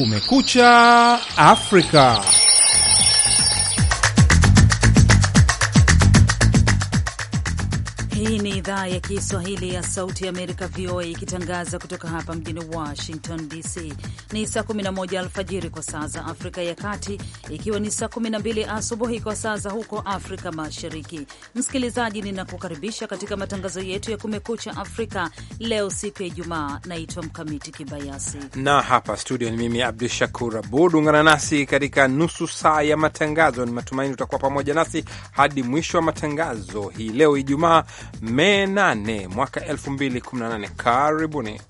Kumekucha Afrika. Hii ni idhaa ya Kiswahili ya Sauti ya Amerika, VOA, ikitangaza kutoka hapa mjini Washington DC. Ni saa 11 alfajiri kwa saa za Afrika ya Kati, ikiwa ni saa 12 asubuhi kwa saa za huko Afrika Mashariki. Msikilizaji, ninakukaribisha katika matangazo yetu ya Kumekucha Afrika leo, siku ya Ijumaa. Naitwa Mkamiti Kibayasi na hapa studio ni mimi Abdu Shakur Abud. Ungana nasi katika nusu saa ya matangazo. Ni matumaini utakuwa pamoja nasi hadi mwisho wa matangazo hii leo Ijumaa Mei 8 mwaka 2018. Karibuni.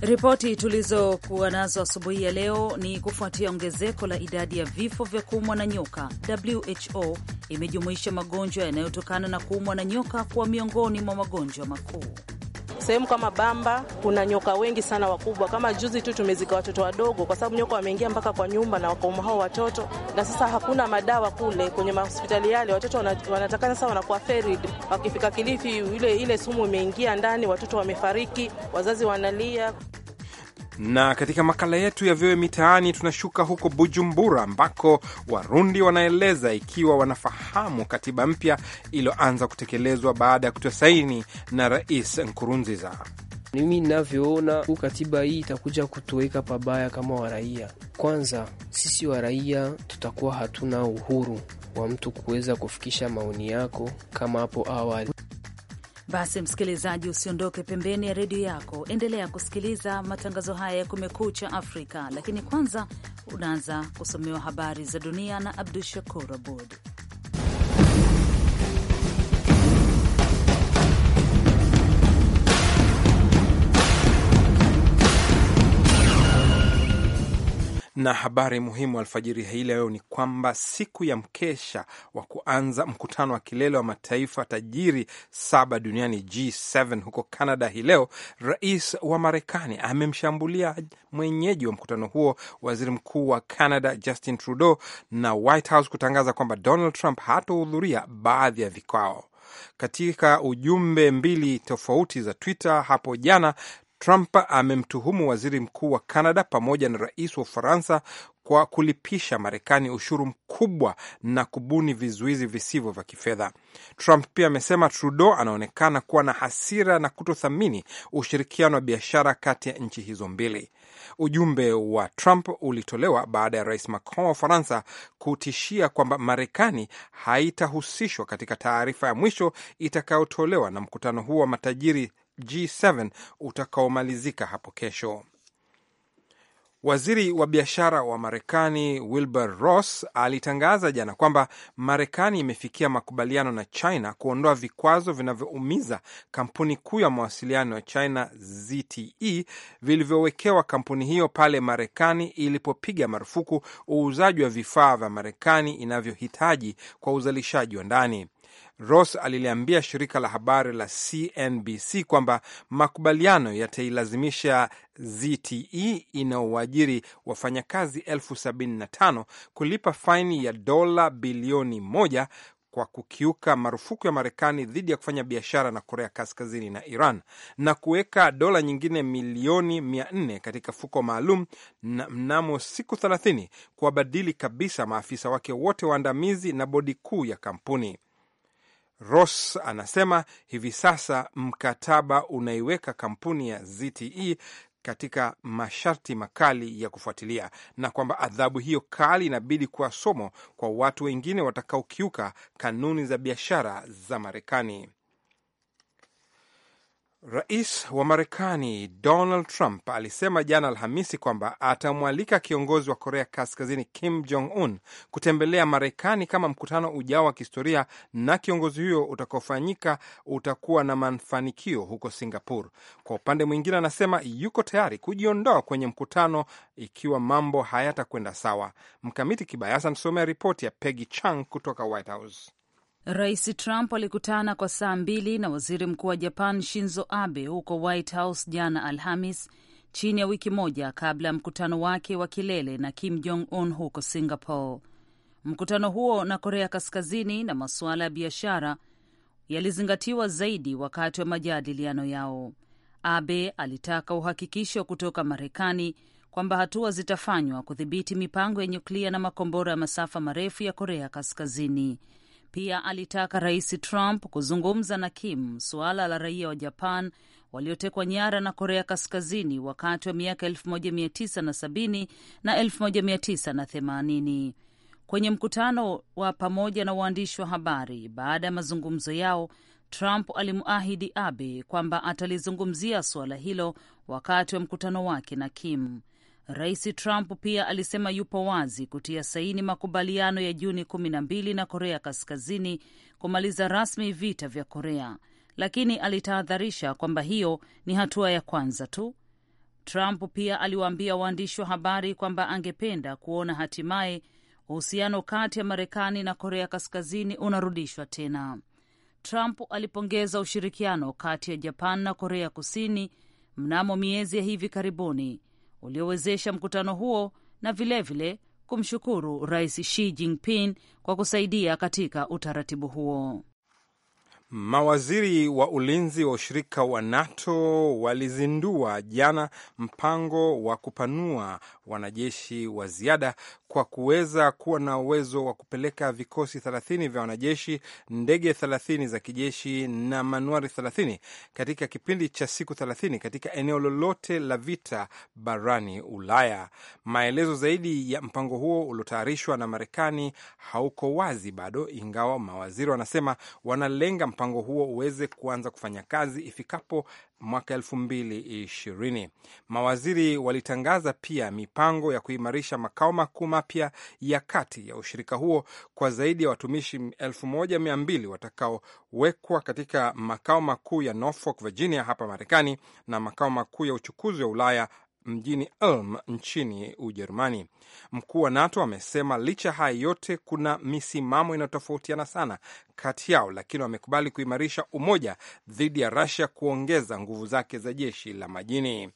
Ripoti tulizokuwa nazo asubuhi ya leo ni kufuatia ongezeko la idadi ya vifo vya kuumwa na nyoka. WHO imejumuisha magonjwa yanayotokana na kuumwa na nyoka kuwa miongoni mwa magonjwa makuu sehemu kama Bamba kuna nyoka wengi sana wakubwa. Kama juzi tu tumezika watoto wadogo, kwa sababu nyoka wameingia mpaka kwa nyumba na wakauma hao watoto, na sasa hakuna madawa kule kwenye mahospitali yale. Watoto wanatakana sasa wanakuwa ferid wakifika Kilifi ile, ile sumu imeingia ndani, watoto wamefariki, wazazi wanalia. Na katika makala yetu ya vyowe mitaani, tunashuka huko Bujumbura ambako Warundi wanaeleza ikiwa wanafahamu katiba mpya iliyoanza kutekelezwa baada ya kutia saini na Rais Nkurunziza. Mimi ninavyoona huu katiba hii itakuja kutuweka pabaya kama waraia. Kwanza sisi waraia tutakuwa hatuna uhuru wa mtu kuweza kufikisha maoni yako kama hapo awali. Basi msikilizaji, usiondoke pembeni ya redio yako, endelea kusikiliza matangazo haya ya Kumekucha Afrika, lakini kwanza unaanza kusomewa habari za dunia na Abdu Shakur Abud. Na habari muhimu alfajiri hii leo ni kwamba siku ya mkesha wa kuanza mkutano wa kilele wa mataifa tajiri saba duniani G7 huko Canada hii leo, rais wa Marekani amemshambulia mwenyeji wa mkutano huo, waziri mkuu wa Canada Justin Trudeau, na White House kutangaza kwamba Donald Trump hatohudhuria baadhi ya vikao. Katika ujumbe mbili tofauti za Twitter hapo jana, Trump amemtuhumu waziri mkuu wa Canada pamoja na rais wa Ufaransa kwa kulipisha Marekani ushuru mkubwa na kubuni vizuizi visivyo vya kifedha. Trump pia amesema Trudeau anaonekana kuwa na hasira na kutothamini ushirikiano wa biashara kati ya nchi hizo mbili. Ujumbe wa Trump ulitolewa baada ya rais Macron wa Ufaransa kutishia kwamba Marekani haitahusishwa katika taarifa ya mwisho itakayotolewa na mkutano huo wa matajiri G7 utakaomalizika hapo kesho. Waziri wa biashara wa Marekani Wilbur Ross alitangaza jana kwamba Marekani imefikia makubaliano na China kuondoa vikwazo vinavyoumiza kampuni kuu ya mawasiliano ya China ZTE vilivyowekewa kampuni hiyo pale Marekani ilipopiga marufuku uuzaji wa vifaa vya Marekani inavyohitaji kwa uzalishaji wa ndani. Ross aliliambia shirika la habari la CNBC kwamba makubaliano yatailazimisha ZTE inaowajiri wafanyakazi elfu sabini na tano kulipa faini ya dola bilioni moja kwa kukiuka marufuku ya Marekani dhidi ya kufanya biashara na Korea Kaskazini na Iran na kuweka dola nyingine milioni mia nne katika fuko maalum na mnamo siku thelathini kuwabadili kabisa maafisa wake wote waandamizi na bodi kuu ya kampuni. Ross anasema hivi sasa mkataba unaiweka kampuni ya ZTE katika masharti makali ya kufuatilia na kwamba adhabu hiyo kali inabidi kuwa somo kwa watu wengine watakaokiuka kanuni za biashara za Marekani. Rais wa Marekani Donald Trump alisema jana Alhamisi kwamba atamwalika kiongozi wa Korea Kaskazini Kim Jong Un kutembelea Marekani kama mkutano ujao wa kihistoria na kiongozi huyo utakaofanyika utakuwa na mafanikio huko Singapore. Kwa upande mwingine, anasema yuko tayari kujiondoa kwenye mkutano ikiwa mambo hayatakwenda sawa. Mkamiti Kibayasi anasomea ripoti ya Peggy Chang kutoka White House. Rais Trump alikutana kwa saa mbili na waziri mkuu wa Japan Shinzo Abe huko White House jana Alhamis, chini ya wiki moja kabla ya mkutano wake wa kilele na Kim Jong Un huko Singapore. Mkutano huo na Korea Kaskazini na masuala ya biashara yalizingatiwa zaidi wakati wa majadiliano yao. Abe alitaka uhakikisho kutoka Marekani kwamba hatua zitafanywa kudhibiti mipango ya nyuklia na makombora ya masafa marefu ya Korea Kaskazini. Pia alitaka Rais Trump kuzungumza na Kim suala la raia wa Japan waliotekwa nyara na Korea Kaskazini wakati wa miaka 1970 na 1980. Kwenye mkutano wa pamoja na waandishi wa habari baada ya mazungumzo yao, Trump alimuahidi Abe kwamba atalizungumzia suala hilo wakati wa mkutano wake na Kim. Rais Trump pia alisema yupo wazi kutia saini makubaliano ya Juni kumi na mbili na Korea Kaskazini kumaliza rasmi vita vya Korea, lakini alitahadharisha kwamba hiyo ni hatua ya kwanza tu. Trump pia aliwaambia waandishi wa habari kwamba angependa kuona hatimaye uhusiano kati ya Marekani na Korea Kaskazini unarudishwa tena. Trump alipongeza ushirikiano kati ya Japan na Korea Kusini mnamo miezi ya hivi karibuni uliowezesha mkutano huo na vilevile vile kumshukuru Rais Xi Jinping kwa kusaidia katika utaratibu huo. Mawaziri wa ulinzi wa ushirika wa NATO walizindua jana mpango wa kupanua wanajeshi wa ziada kwa kuweza kuwa na uwezo wa kupeleka vikosi thelathini vya wanajeshi, ndege thelathini za kijeshi na manuari thelathini katika kipindi cha siku thelathini katika eneo lolote la vita barani Ulaya. Maelezo zaidi ya mpango huo uliotayarishwa na Marekani hauko wazi bado, ingawa mawaziri wanasema wanalenga mpango huo uweze kuanza kufanya kazi ifikapo mwaka ishirini. Mawaziri walitangaza pia mipango ya kuimarisha makao makuu mapya ya kati ya ushirika huo kwa zaidi ya watumishi mbili watakaowekwa katika makao makuu ya Norfolk, Virginia hapa Marekani na makao makuu ya uchukuzi wa Ulaya mjini Ulm nchini Ujerumani. Mkuu wa NATO amesema licha haya yote, kuna misimamo inayotofautiana sana kati yao, lakini wamekubali kuimarisha umoja dhidi ya Russia kuongeza nguvu zake za jeshi la majini.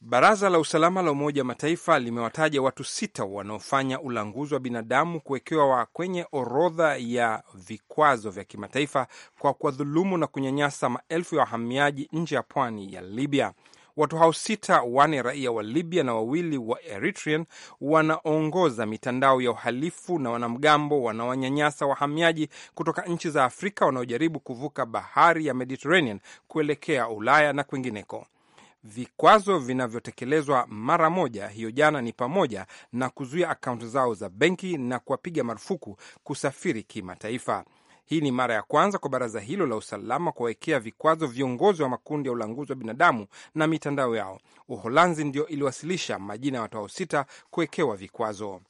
Baraza la usalama la Umoja wa Mataifa limewataja watu sita wanaofanya ulanguzi wa binadamu kuwekewa kwenye orodha ya vikwazo vya kimataifa kwa kuwadhulumu na kunyanyasa maelfu ya wahamiaji nje ya pwani ya Libya. Watu hao sita, wane raia wa Libya na wawili wa Eritrean, wanaongoza mitandao ya uhalifu na wanamgambo wanaonyanyasa wahamiaji kutoka nchi za Afrika wanaojaribu kuvuka bahari ya Mediterranean kuelekea Ulaya na kwingineko. Vikwazo vinavyotekelezwa mara moja hiyo jana ni pamoja na kuzuia akaunti zao za benki na kuwapiga marufuku kusafiri kimataifa. Hii ni mara ya kwanza kwa baraza hilo la usalama kuwawekea vikwazo viongozi wa makundi ya ulanguzi wa binadamu na mitandao yao. Uholanzi ndio iliwasilisha majina ya watu hao sita kuwekewa vikwazo.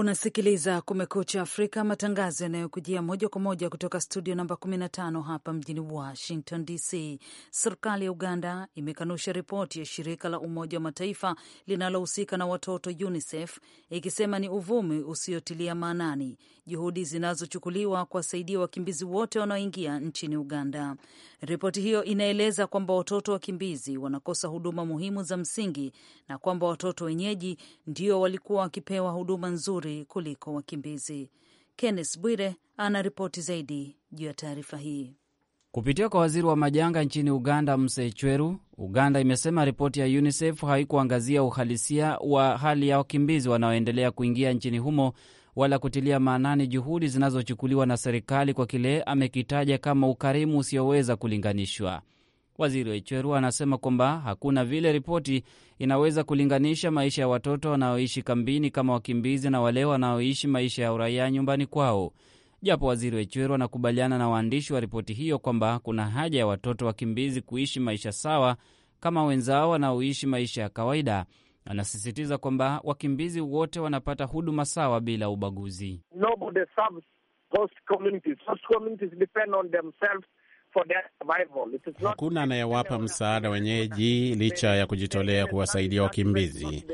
Unasikiliza Kumekucha Afrika, matangazo yanayokujia moja kwa moja kutoka studio namba 15 hapa mjini Washington DC. Serikali ya Uganda imekanusha ripoti ya shirika la Umoja wa Mataifa linalohusika na watoto UNICEF ikisema ni uvumi usiotilia maanani juhudi zinazochukuliwa kuwasaidia wakimbizi wote wanaoingia nchini Uganda. Ripoti hiyo inaeleza kwamba watoto wakimbizi wanakosa huduma muhimu za msingi na kwamba watoto wenyeji ndio walikuwa wakipewa huduma nzuri kuliko wakimbizi. Kenneth Bwire ana ripoti zaidi juu ya taarifa hii. Kupitia kwa waziri wa majanga nchini Uganda, Msechweru, Uganda imesema ripoti ya UNICEF haikuangazia uhalisia wa hali ya wakimbizi wanaoendelea kuingia nchini humo wala kutilia maanani juhudi zinazochukuliwa na serikali kwa kile amekitaja kama ukarimu usioweza kulinganishwa. Waziri Wacheru anasema kwamba hakuna vile ripoti inaweza kulinganisha maisha ya watoto wanaoishi kambini kama wakimbizi na wale wanaoishi maisha ya uraia nyumbani kwao. Japo waziri Wacheru anakubaliana na waandishi wa ripoti hiyo kwamba kuna haja ya watoto wakimbizi kuishi maisha sawa kama wenzao wanaoishi maisha ya kawaida, Anasisitiza kwamba wakimbizi wote wanapata huduma sawa bila ubaguzi. Hakuna anayewapa msaada wenyeji licha ya kujitolea kuwasaidia wakimbizi.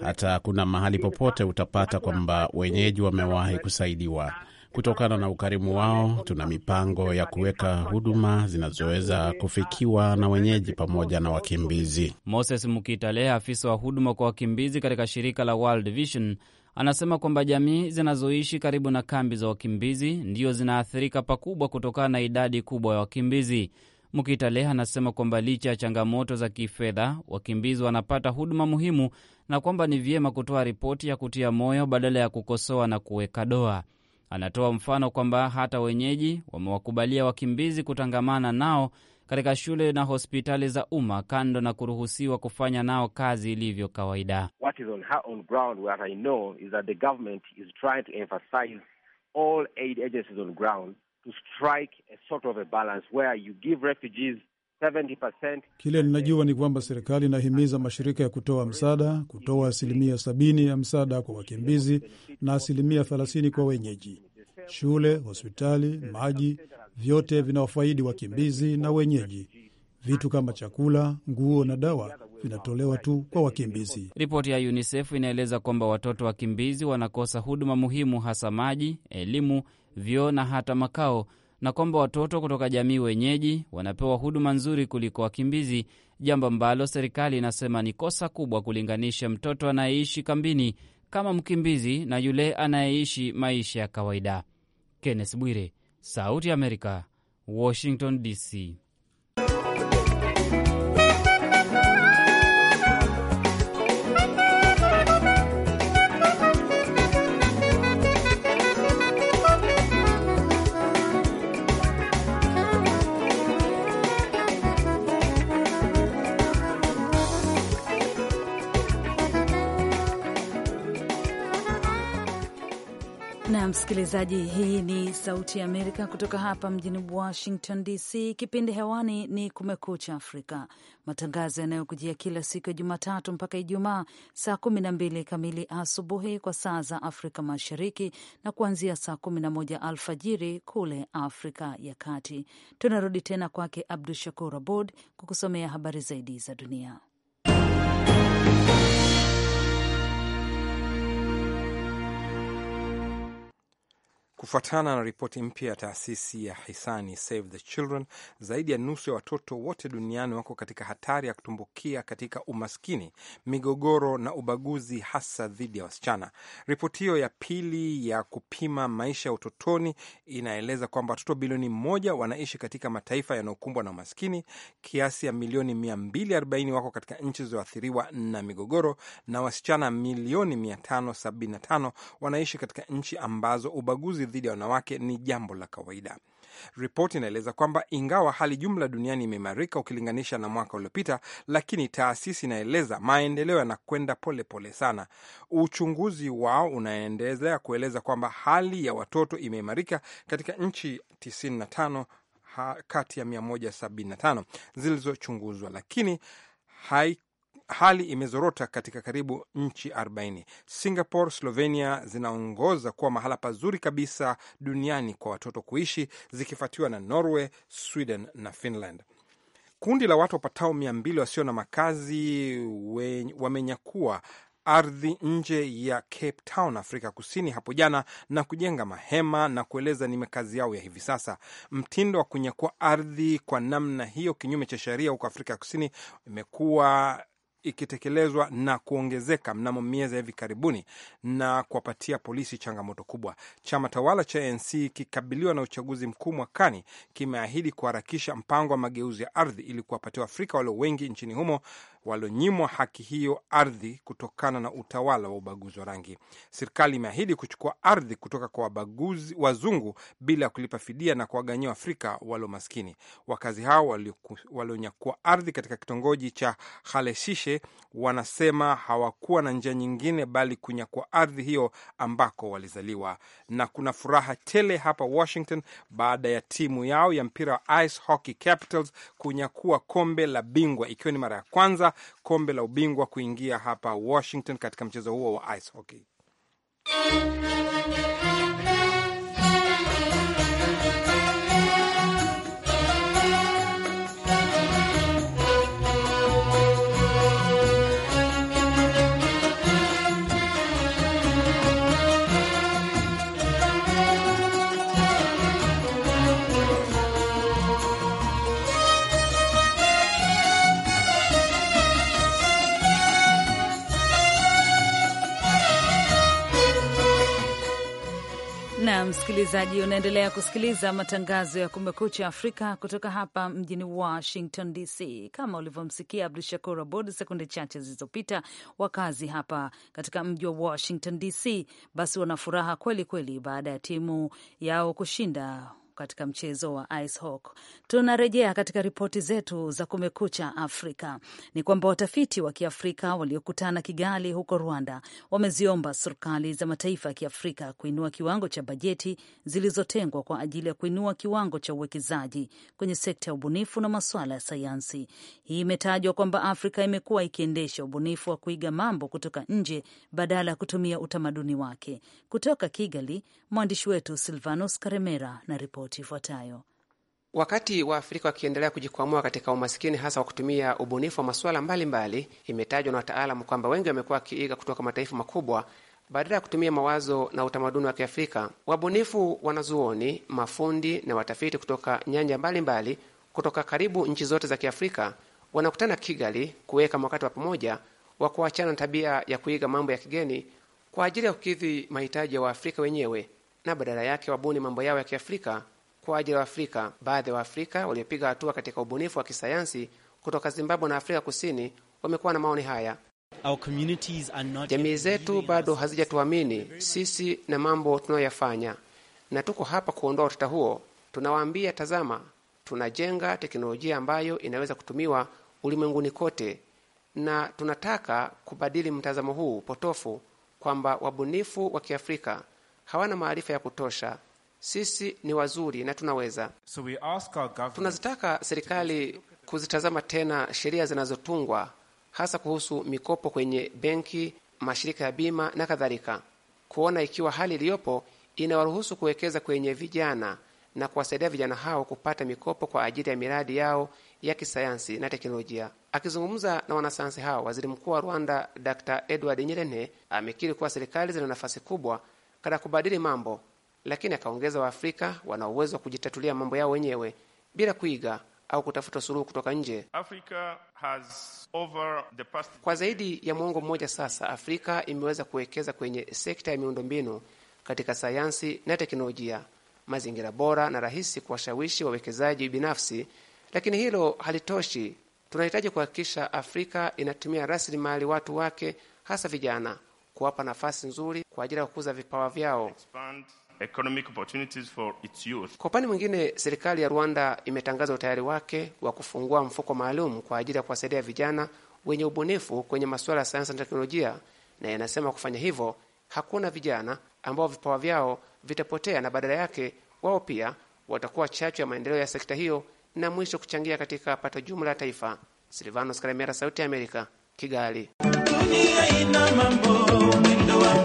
Hata hakuna mahali popote utapata kwamba wenyeji wamewahi kusaidiwa. Kutokana na ukarimu wao, tuna mipango ya kuweka huduma zinazoweza kufikiwa na wenyeji pamoja na wakimbizi. Moses Mukitale, afisa wa huduma kwa wakimbizi katika shirika la World Vision, anasema kwamba jamii zinazoishi karibu na kambi za wakimbizi ndiyo zinaathirika pakubwa kutokana na idadi kubwa ya wakimbizi. Mukitale anasema kwamba licha ya changamoto za kifedha, wakimbizi wanapata huduma muhimu na kwamba ni vyema kutoa ripoti ya kutia moyo badala ya kukosoa na kuweka doa. Anatoa mfano kwamba hata wenyeji wamewakubalia wakimbizi kutangamana nao katika shule na hospitali za umma kando na kuruhusiwa kufanya nao kazi ilivyo kawaida. All aid agencies on ground to strike a sort of a balance where you give refugees 70%. Kile ninajua ni kwamba serikali inahimiza mashirika ya kutoa msaada kutoa asilimia sabini ya msaada kwa wakimbizi na asilimia thelathini kwa wenyeji. Shule, hospitali, maji, vyote vinawafaidi wakimbizi na wenyeji. Vitu kama chakula, nguo na dawa vinatolewa tu kwa wakimbizi. Ripoti ya UNICEF inaeleza kwamba watoto wakimbizi wanakosa huduma muhimu, hasa maji, elimu, vyoo na hata makao na kwamba watoto kutoka jamii wenyeji wanapewa huduma nzuri kuliko wakimbizi, jambo ambalo serikali inasema ni kosa kubwa kulinganisha mtoto anayeishi kambini kama mkimbizi na yule anayeishi maisha ya kawaida. Kenneth Bwire, Sauti ya Amerika, Washington DC. msikilizaji, hii ni Sauti ya Amerika kutoka hapa mjini Washington DC. Kipindi hewani ni Kumekucha Afrika, matangazo yanayokujia kila siku ya Jumatatu mpaka Ijumaa saa kumi na mbili kamili asubuhi kwa saa za Afrika Mashariki na kuanzia saa kumi na moja alfajiri kule Afrika ya Kati. Tunarudi tena kwake Abdu Shakur Abod kukusomea habari zaidi za dunia. Kufuatana na ripoti mpya ya taasisi ya hisani Save the Children, zaidi ya nusu ya watoto wote duniani wako katika hatari ya kutumbukia katika umaskini, migogoro na ubaguzi, hasa dhidi ya wasichana. Ripoti hiyo ya pili ya kupima maisha ya utotoni inaeleza kwamba watoto bilioni moja wanaishi katika mataifa yanayokumbwa na umaskini, kiasi ya milioni 240 wako katika nchi zilizoathiriwa na migogoro, na wasichana milioni 575 wanaishi katika nchi ambazo ubaguzi dhidi ya wanawake ni jambo la kawaida. Ripoti inaeleza kwamba ingawa hali jumla duniani imeimarika ukilinganisha na mwaka uliopita, lakini taasisi inaeleza maendeleo yanakwenda polepole sana. Uchunguzi wao unaendelea kueleza kwamba hali ya watoto imeimarika katika nchi 95 kati ya 175 zilizochunguzwa, lakini hali imezorota katika karibu nchi 40. Singapore, Slovenia zinaongoza kuwa mahala pazuri kabisa duniani kwa watoto kuishi, zikifuatiwa na Norway, Sweden na Finland. Kundi la watu wapatao mia mbili wasio na makazi wamenyakua ardhi nje ya Cape Town, Afrika Kusini hapo jana na kujenga mahema na kueleza ni makazi yao ya hivi sasa. Mtindo wa kunyakua ardhi kwa namna hiyo kinyume cha sheria huko Afrika Kusini imekuwa ikitekelezwa na kuongezeka mnamo miezi ya hivi karibuni na kuwapatia polisi changamoto kubwa. Chama tawala cha ANC kikabiliwa na uchaguzi mkuu mwakani, kimeahidi kuharakisha mpango wa mageuzi ya ardhi ili kuwapatia Waafrika walio wengi nchini humo walionyimwa haki hiyo ardhi kutokana na utawala wa ubaguzi wa rangi. Serikali imeahidi kuchukua ardhi kutoka kwa wabaguzi wazungu bila ya kulipa fidia na kuwaganyia Waafrika walio maskini. Wakazi hao walionyakua ardhi katika kitongoji cha Khaleshishe wanasema hawakuwa na njia nyingine bali kunyakua ardhi hiyo ambako walizaliwa. Na kuna furaha tele hapa Washington baada ya timu yao ya mpira wa ice hockey Capitals kunyakua kombe la bingwa ikiwa ni mara ya kwanza kombe la ubingwa kuingia hapa Washington katika mchezo huo wa ice hockey. msikilizaji, unaendelea kusikiliza matangazo ya Kumekucha Afrika kutoka hapa mjini Washington DC. Kama ulivyomsikia Abdu Shakur Abod sekunde chache zilizopita, wakazi hapa katika mji wa Washington DC basi wana furaha kweli kweli baada ya timu yao kushinda katika mchezo wa Ice Tunarejea katika ripoti zetu za Kumekucha Afrika ni kwamba watafiti wa Kiafrika waliokutana Kigali huko Rwanda wameziomba serikali za mataifa ya Kiafrika kuinua kiwango cha bajeti zilizotengwa kwa ajili ya kuinua kiwango cha uwekezaji kwenye sekta ya ubunifu na masuala ya sayansi. Hii imetajwa kwamba Afrika imekuwa ikiendesha ubunifu wa kuiga mambo kutoka nje badala ya kutumia utamaduni wake. Kutoka Kigali, mwandishi wetu Silvanus Karemera na ripoti ripoti ifuatayo. Wakati Waafrika wakiendelea kujikwamua katika umasikini hasa kwa kutumia ubunifu wa masuala mbalimbali, imetajwa na wataalamu kwamba wengi wamekuwa wakiiga kutoka mataifa makubwa badala ya kutumia mawazo na utamaduni wa Kiafrika. Wabunifu, wanazuoni, mafundi na watafiti kutoka nyanja mbalimbali mbali, kutoka karibu nchi zote za Kiafrika wanakutana Kigali kuweka mwakati wa pamoja wa kuachana na tabia ya kuiga mambo ya kigeni kwa ajili ya kukidhi mahitaji ya Waafrika wenyewe na badala yake wabuni mambo yao ya Kiafrika kwa ajili ya Afrika. Baadhi ya Waafrika waliopiga hatua katika ubunifu wa kisayansi kutoka Zimbabwe na Afrika Kusini wamekuwa na maoni haya: jamii zetu bado hazijatuamini sisi na mambo tunayoyafanya, na tuko hapa kuondoa utata huo. Tunawaambia, tazama, tunajenga teknolojia ambayo inaweza kutumiwa ulimwenguni kote, na tunataka kubadili mtazamo huu potofu kwamba wabunifu wa Kiafrika hawana maarifa ya kutosha sisi ni wazuri na tunaweza. So tunazitaka serikali kuzitazama tena sheria zinazotungwa hasa kuhusu mikopo kwenye benki, mashirika ya bima na kadhalika, kuona ikiwa hali iliyopo inawaruhusu kuwekeza kwenye vijana na kuwasaidia vijana hao kupata mikopo kwa ajili ya miradi yao ya kisayansi na teknolojia. Akizungumza na wanasayansi hao, waziri mkuu wa Rwanda Dr Edward Nyerene amekiri kuwa serikali zina nafasi kubwa katika kubadili mambo lakini akaongeza Waafrika wana uwezo wa kujitatulia mambo yao wenyewe bila kuiga au kutafuta suluhu kutoka nje. Kwa zaidi ya mwongo mmoja sasa, Afrika imeweza kuwekeza kwenye sekta ya miundombinu katika sayansi na teknolojia, mazingira bora na rahisi kuwashawishi wawekezaji binafsi. Lakini hilo halitoshi. Tunahitaji kuhakikisha Afrika inatumia rasilimali watu wake, hasa vijana, kuwapa nafasi nzuri kwa ajili ya kukuza vipawa vyao economic opportunities for its youth. Kwa upande mwingine, serikali ya Rwanda imetangaza utayari wake wa kufungua mfuko maalum kwa ajili ya kuwasaidia vijana wenye ubunifu kwenye masuala ya sayansi na teknolojia, na inasema kufanya hivyo hakuna vijana ambao vipawa vyao vitapotea, na badala yake wao pia watakuwa chachu ya maendeleo ya sekta hiyo na mwisho kuchangia katika pato jumla ya taifa. Silvanos Karemera, Sauti ya Amerika, Kigali. Dunia ina mambo, mwendo wa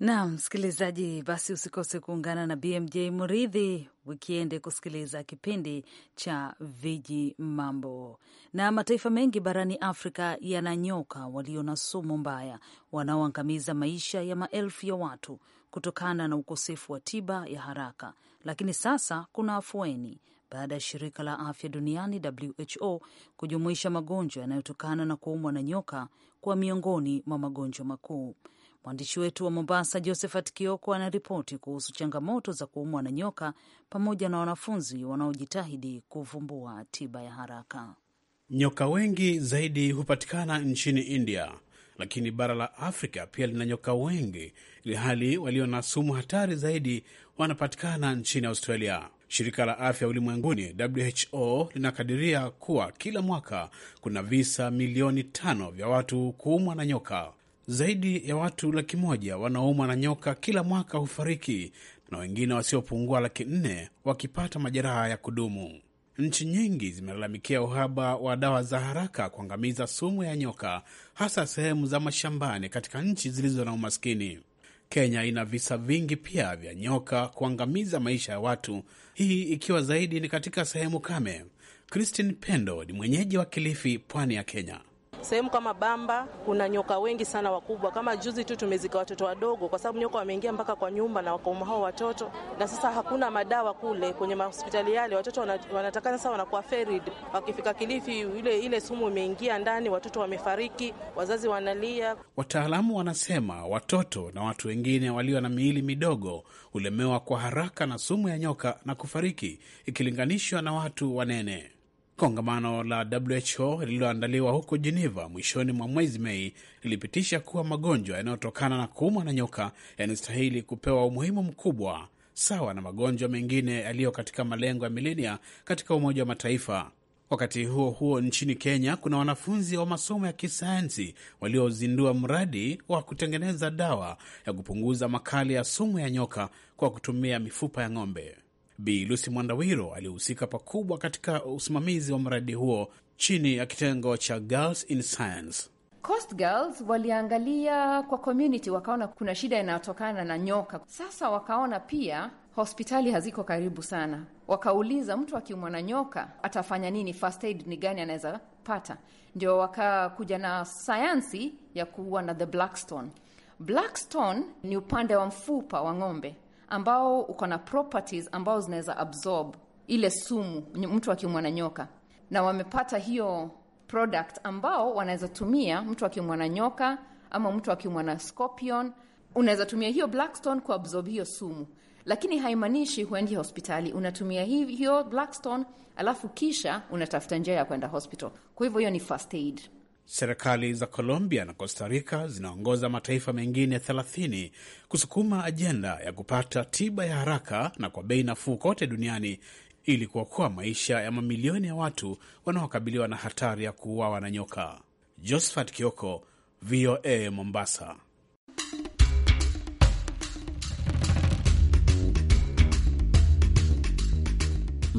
Na msikilizaji, basi usikose kuungana na BMJ Muridhi wikiende kusikiliza kipindi cha Viji Mambo. Na mataifa mengi barani Afrika yana nyoka walio na sumu mbaya wanaoangamiza maisha ya maelfu ya watu kutokana na ukosefu wa tiba ya haraka, lakini sasa kuna afueni baada ya shirika la afya duniani WHO kujumuisha magonjwa yanayotokana na kuumwa na nyoka kuwa miongoni mwa magonjwa makuu. Mwandishi wetu wa Mombasa, Josephat Kioko, anaripoti kuhusu changamoto za kuumwa na nyoka pamoja na wanafunzi wanaojitahidi kuvumbua tiba ya haraka. Nyoka wengi zaidi hupatikana nchini India, lakini bara la Afrika pia lina nyoka wengi, ilhali walio na sumu hatari zaidi wanapatikana nchini Australia. Shirika la afya ulimwenguni WHO linakadiria kuwa kila mwaka kuna visa milioni tano vya watu kuumwa na nyoka. Zaidi ya watu laki moja wanaoumwa na nyoka kila mwaka hufariki na wengine wasiopungua laki nne wakipata majeraha ya kudumu. Nchi nyingi zimelalamikia uhaba wa dawa za haraka kuangamiza sumu ya nyoka, hasa sehemu za mashambani katika nchi zilizo na umaskini. Kenya ina visa vingi pia vya nyoka kuangamiza maisha ya watu, hii ikiwa zaidi ni katika sehemu kame. Christine Pendo ni mwenyeji wa Kilifi, pwani ya Kenya. Sehemu kama Bamba kuna nyoka wengi sana wakubwa. Kama juzi tu tumezika watoto wadogo, kwa sababu nyoka wameingia mpaka kwa nyumba na wakauma hao watoto, na sasa hakuna madawa kule kwenye mahospitali yale. Watoto wanatakana sasa, wanakuwa ferid. Wakifika Kilifi, ile ile sumu imeingia ndani, watoto wamefariki, wazazi wanalia. Wataalamu wanasema watoto na watu wengine walio na miili midogo hulemewa kwa haraka na sumu ya nyoka na kufariki ikilinganishwa na watu wanene. Kongamano la WHO lililoandaliwa huko Geneva mwishoni mwa mwezi Mei lilipitisha kuwa magonjwa yanayotokana na kuumwa na nyoka yanastahili kupewa umuhimu mkubwa sawa na magonjwa mengine yaliyo katika malengo ya milenia katika Umoja wa Mataifa. Wakati huo huo, nchini Kenya kuna wanafunzi wa masomo ya kisayansi waliozindua mradi wa kutengeneza dawa ya kupunguza makali ya sumu ya nyoka kwa kutumia mifupa ya ng'ombe. Bi Lucy Mwandawiro alihusika pakubwa katika usimamizi wa mradi huo chini ya kitengo cha Girls in Science. Coast Girls waliangalia kwa community, wakaona kuna shida inayotokana na nyoka. Sasa wakaona pia hospitali haziko karibu sana, wakauliza mtu akiumwa na nyoka atafanya nini? First aid ni gani anaweza pata? Ndio wakakuja na sayansi ya kuua na the blackstone. Blackstone ni upande wa mfupa wa ng'ombe ambao uko na properties ambao zinaweza absorb ile sumu mtu akiumwa na nyoka, na wamepata hiyo product ambao wanaweza tumia mtu akiumwa na nyoka ama mtu akiumwa na scorpion. Unaweza tumia hiyo blackstone kuabsorb hiyo sumu, lakini haimaanishi huendi hospitali. Unatumia hiyo blackstone alafu kisha unatafuta njia ya kwenda hospital. Kwa hivyo hiyo ni first aid. Serikali za Colombia na Costa Rica zinaongoza mataifa mengine 30 kusukuma ajenda ya kupata tiba ya haraka na kwa bei nafuu kote duniani ili kuokoa maisha ya mamilioni ya watu wanaokabiliwa na hatari ya kuuawa na nyoka. Josephat Kioko, VOA Mombasa.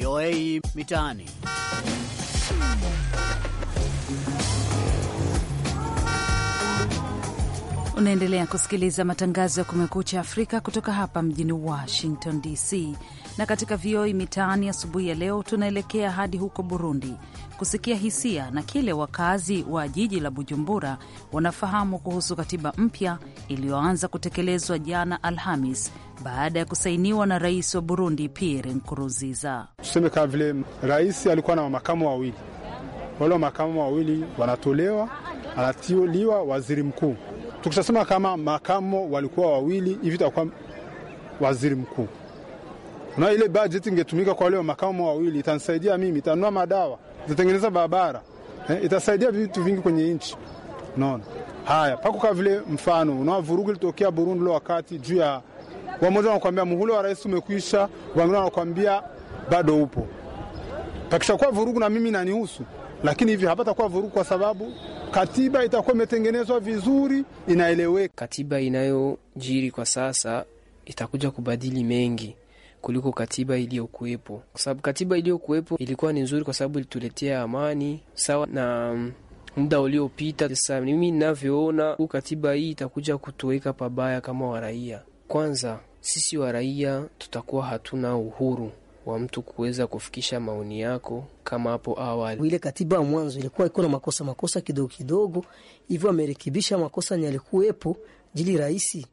VOA Mitaani. Unaendelea kusikiliza matangazo ya Kumekucha Afrika kutoka hapa mjini Washington DC, na katika vioi e mitaani asubuhi ya leo tunaelekea hadi huko Burundi kusikia hisia na kile wakazi wa jiji la Bujumbura wanafahamu kuhusu katiba mpya iliyoanza kutekelezwa jana Alhamis baada ya kusainiwa na rais wa Burundi Pierre Nkurunziza. Tuseme kama vile rais alikuwa na makamu wawili, wale wamakamu makamu wawili wanatolewa, anatoliwa waziri mkuu Tukishasema kama makamo walikuwa wawili hivi, takuwa waziri mkuu na ile bajeti ingetumika kwa leo makamo wawili, itanisaidia mimi, itanunua madawa, itatengeneza barabara eh, itasaidia vitu vingi kwenye nchi. Unaona haya pakuka vile mfano unaona vurugu ilitokea Burundi lo wakati juu ya wamoja, wanakuambia muhula wa rais umekwisha, wengine wanakuambia bado upo. Pakisha vurugu na mimi nanihusu, lakini hivi hapatakuwa vurugu kwa sababu katiba itakuwa imetengenezwa vizuri, inaeleweka. Katiba inayojiri kwa sasa itakuja kubadili mengi kuliko katiba iliyokuwepo, kwa sababu katiba iliyokuwepo ilikuwa ni nzuri, kwa sababu ilituletea amani sawa na mm, muda uliopita. Sasa mimi ninavyoona, huu katiba hii itakuja kutuweka pabaya kama waraia. Kwanza sisi waraia tutakuwa hatuna uhuru wa mtu kuweza kufikisha maoni yako kama hapo awali. Ile katiba ya mwanzo ilikuwa iko na makosa makosa kidogo kidogo, hivyo amerekebisha makosa yenye jili rahisi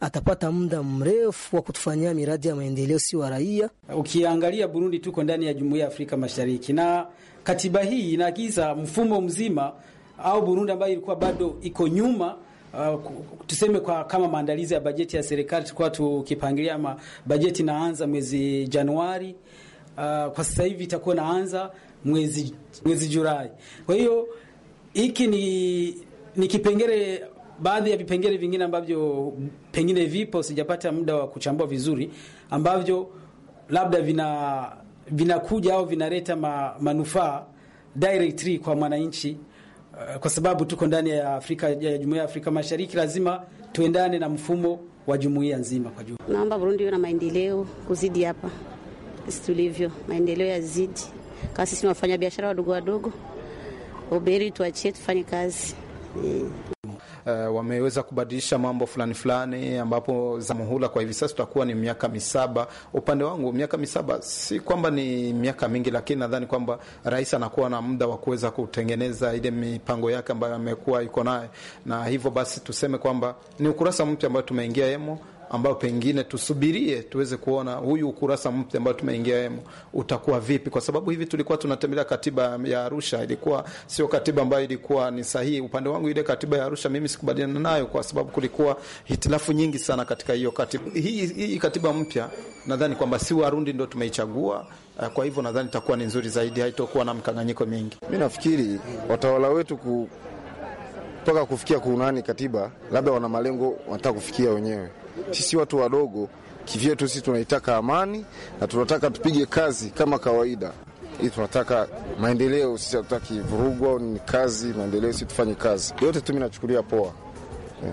atapata muda mrefu wa kutufanyia miradi ya maendeleo, si wa raia. Ukiangalia Burundi, tuko ndani ya jumuiya ya Afrika Mashariki na katiba hii inaagiza mfumo mzima, au Burundi ambayo ilikuwa bado iko nyuma uh, tuseme kwa kama maandalizi ya bajeti ya serikali tulikuwa tukipangilia ma bajeti inaanza mwezi Januari. Uh, kwa sasa hivi itakuwa naanza mwezi, mwezi Julai. Kwa hiyo hiki ni, ni kipengele baadhi ya vipengele vingine ambavyo pengine vipo sijapata muda wa kuchambua vizuri, ambavyo labda vina vinakuja au vinaleta ma, manufaa directly kwa mwananchi Eh, kwa sababu tuko ndani ya Afrika ya Jumuiya ya Afrika Mashariki, lazima tuendane na mfumo wa jumuiya nzima kwa jumla. Naomba Burundi iwe na maendeleo kuzidi hapa sisi tulivyo, maendeleo yazidi. Kama sisi ni wafanya biashara wadogo wadogo, uberi tuachie, tufanye kazi e uh, wameweza kubadilisha mambo fulani fulani, ambapo za muhula kwa hivi sasa tutakuwa ni miaka misaba. Upande wangu miaka misaba si kwamba ni miaka mingi, lakini nadhani kwamba rais anakuwa na muda wa kuweza kutengeneza ile mipango yake ambayo amekuwa yuko naye, na hivyo basi tuseme kwamba ni ukurasa mpya ambayo tumeingia yemo ambayo pengine tusubirie tuweze kuona huyu ukurasa mpya ambao tumeingia emo utakuwa vipi, kwa sababu hivi tulikuwa tunatembelea katiba ya Arusha, ilikuwa sio katiba ambayo ilikuwa ni sahihi. Upande wangu ile katiba ya Arusha mimi sikubaliana nayo, kwa sababu kulikuwa hitilafu nyingi sana katika hiyo katiba. Hii, hii katiba mpya nadhani kwamba si Warundi ndio tumeichagua eh, kwa hivyo nadhani itakuwa ni nzuri zaidi, haitokuwa na mkanganyiko mingi. Mi nafikiri watawala wetu ku mpaka kufikia kunani katiba, labda wana malengo wanataka kufikia wenyewe sisi watu wadogo kivyetu, sisi tunaitaka amani na tunataka tupige kazi kama kawaida hii tunataka maendeleo, sisi hatutaki vurugu au ni kazi maendeleo, sisi tufanye kazi yote tu. Mimi nachukulia poa eh,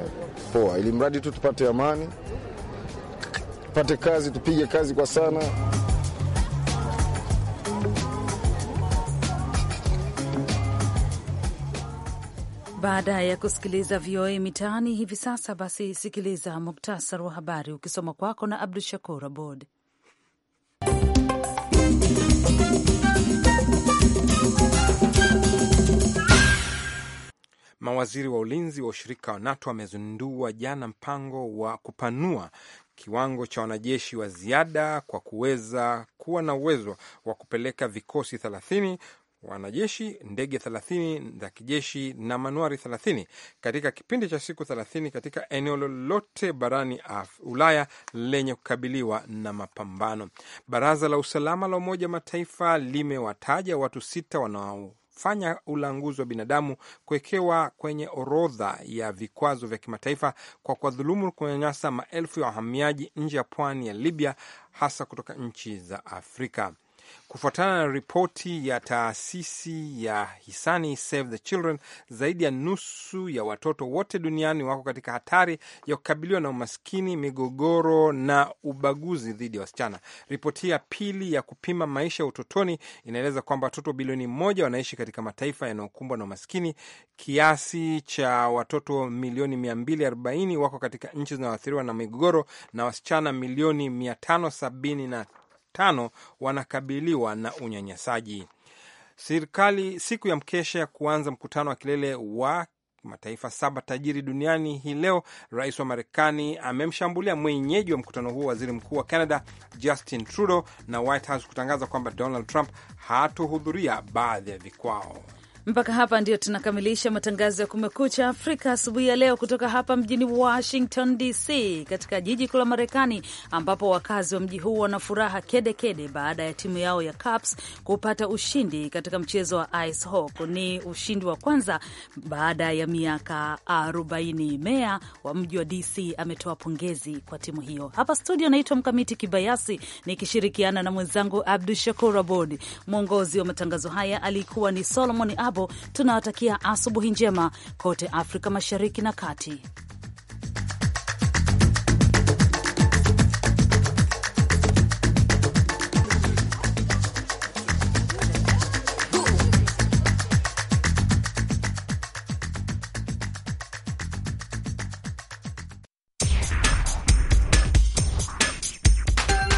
poa, ili mradi tu tupate amani, tupate kazi, tupige kazi kwa sana. Baada ya kusikiliza VOA Mitaani hivi sasa, basi sikiliza muktasar wa habari ukisoma kwako na Abdu Shakur Abod. Mawaziri wa ulinzi wa ushirika wa NATO wamezindua jana mpango wa kupanua kiwango cha wanajeshi wa ziada kwa kuweza kuwa na uwezo wa kupeleka vikosi thelathini wanajeshi, ndege 30 za kijeshi na manuari 30 katika kipindi cha siku 30 katika eneo lolote barani Af Ulaya lenye kukabiliwa na mapambano. Baraza la usalama la Umoja wa Mataifa limewataja watu sita wanao fanya ulanguzi wa binadamu kuwekewa kwenye orodha ya vikwazo vya kimataifa kwa kuwadhulumu, kunyanyasa maelfu ya wahamiaji nje ya pwani ya Libya, hasa kutoka nchi za Afrika. Kufuatana na ripoti ya taasisi ya hisani Save the Children, zaidi ya nusu ya watoto wote duniani wako katika hatari ya kukabiliwa na umaskini, migogoro na ubaguzi dhidi ya wasichana. Ripoti ya pili ya kupima maisha ya utotoni inaeleza kwamba watoto bilioni moja wanaishi katika mataifa yanayokumbwa na umaskini. Kiasi cha watoto milioni 240 wako katika nchi zinazoathiriwa na migogoro na wasichana milioni 570 tano wanakabiliwa na unyanyasaji. Serikali siku ya mkesha ya kuanza mkutano wa kilele wa mataifa saba tajiri duniani hii leo, rais wa Marekani amemshambulia mwenyeji wa mkutano huo, waziri mkuu wa Canada Justin Trudeau, na White House kutangaza kwamba Donald Trump hatohudhuria baadhi ya vikwao. Mpaka hapa ndio tunakamilisha matangazo ya Kumekucha Afrika asubuhi ya leo, kutoka hapa mjini Washington DC, katika jiji kuu la Marekani, ambapo wakazi wa mji huu wana furaha kedekede baada ya timu yao ya Caps kupata ushindi katika mchezo wa ice hockey. Ni ushindi wa kwanza baada ya miaka 40. Meya wa mji wa DC ametoa pongezi kwa timu hiyo. Hapa studio, naitwa Mkamiti Kibayasi nikishirikiana na mwenzangu Abdu Shakur Abod. Mwongozi wa matangazo haya alikuwa ni Solomon Abu tunawatakia asubuhi njema kote Afrika Mashariki na Kati.